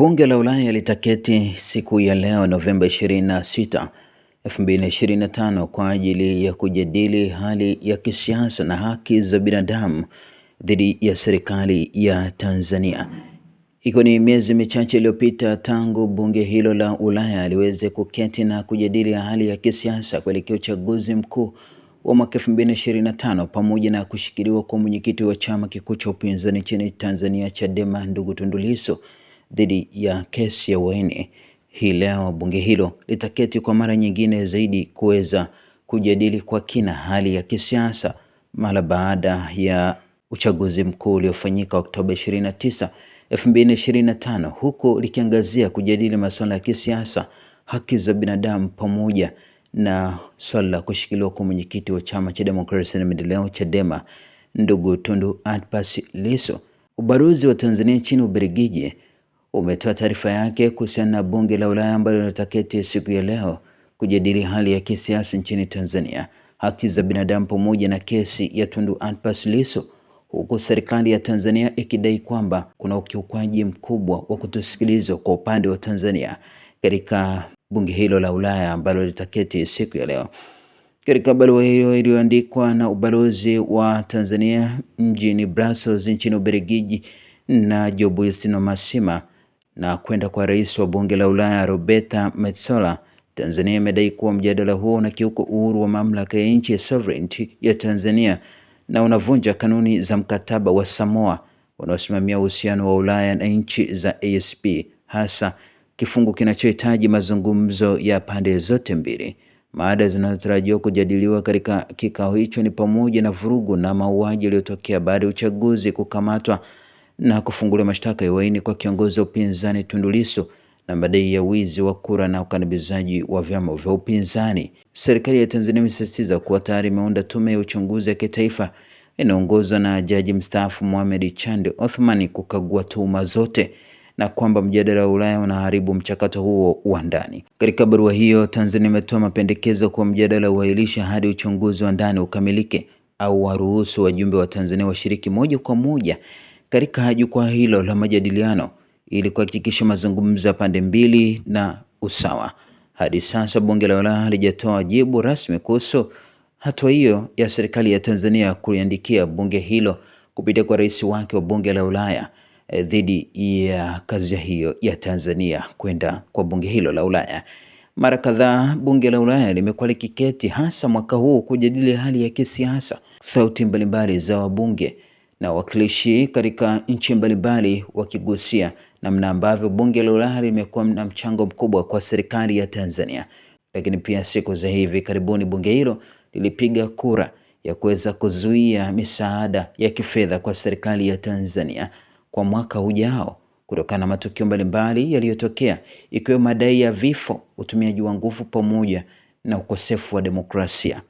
Bunge la Ulaya litaketi siku ya leo Novemba 26, 2025 kwa ajili ya kujadili hali ya kisiasa na haki za binadamu dhidi ya serikali ya Tanzania. Iko ni miezi michache iliyopita tangu bunge hilo la Ulaya liweze kuketi na kujadili hali ya kisiasa kuelekea uchaguzi mkuu wa mwaka 2025 pamoja na kushikiliwa kwa mwenyekiti wa chama kikuu cha upinzani nchini Tanzania Chadema, ndugu Tundu Lissu dhidi ya kesi ya uhaini. Hii leo bunge hilo litaketi kwa mara nyingine zaidi kuweza kujadili kwa kina hali ya kisiasa mara baada ya uchaguzi mkuu uliofanyika Oktoba 29, 2025 huku likiangazia kujadili masuala ya kisiasa, haki za binadamu pamoja na swala la kushikiliwa kwa mwenyekiti wa Chama cha Demokrasia na Maendeleo Chadema, ndugu Tundu Antipas Lissu. Ubalozi wa Tanzania nchini Ubelgiji umetoa taarifa yake kuhusiana na bunge la Ulaya ambalo linataketi siku ya leo kujadili hali ya kisiasa nchini Tanzania, haki za binadamu pamoja na kesi ya Tundu Antipas Lissu, huku serikali ya Tanzania ikidai kwamba kuna ukiukwaji mkubwa wa kutosikilizwa kwa upande wa Tanzania katika bunge hilo la Ulaya ambalo litaketi siku ya leo. Katika barua hiyo iliyoandikwa na ubalozi wa Tanzania mjini Brussels nchini Ubelgiji na Jobu Yustino Masima na kwenda kwa rais wa bunge la Ulaya Roberta Metsola, Tanzania imedai kuwa mjadala huo unakiuka uhuru wa mamlaka ya nchi ya sovereignty ya Tanzania na unavunja kanuni za mkataba wa Samoa unaosimamia uhusiano wa Ulaya na nchi za ASP, hasa kifungu kinachohitaji mazungumzo ya pande zote mbili. Mada zinazotarajiwa kujadiliwa katika kikao hicho ni pamoja na vurugu na mauaji yaliyotokea baada ya uchaguzi, kukamatwa na kufungulia mashtaka ya uhaini kwa kiongozi wa upinzani Tundu Lissu na madai ya wizi wa kura na ukandamizaji wa vyama vya upinzani. Serikali ya Tanzania imesisitiza kuwa tayari imeunda tume ya uchunguzi ya kitaifa inaongozwa na jaji mstaafu Mohamed Chande Othmani kukagua tuhuma zote na kwamba mjadala wa Ulaya unaharibu mchakato huo wa ndani. Katika barua hiyo, Tanzania imetoa mapendekezo kuwa mjadala uahirisha hadi uchunguzi wa ndani ukamilike au waruhusu wajumbe wa Tanzania washiriki moja kwa moja katika jukwaa hilo la majadiliano ili kuhakikisha mazungumzo ya pande mbili na usawa. Hadi sasa bunge la Ulaya halijatoa jibu rasmi kuhusu hatua hiyo ya serikali ya Tanzania kuliandikia bunge hilo kupitia kwa rais wake wa bunge la Ulaya eh, dhidi ya kazi hiyo ya Tanzania kwenda kwa bunge hilo la Ulaya. Mara kadhaa bunge la Ulaya limekuwa likiketi hasa mwaka huu kujadili hali ya kisiasa. Sauti mbalimbali za wabunge na wawakilishi katika nchi mbalimbali wakigusia namna ambavyo bunge la Ulaya limekuwa na mchango mkubwa kwa serikali ya Tanzania. Lakini pia siku za hivi karibuni bunge hilo lilipiga kura ya kuweza kuzuia misaada ya kifedha kwa serikali ya Tanzania kwa mwaka ujao kutokana na matukio mbalimbali yaliyotokea ikiwemo madai ya vifo, utumiaji wa nguvu pamoja na ukosefu wa demokrasia.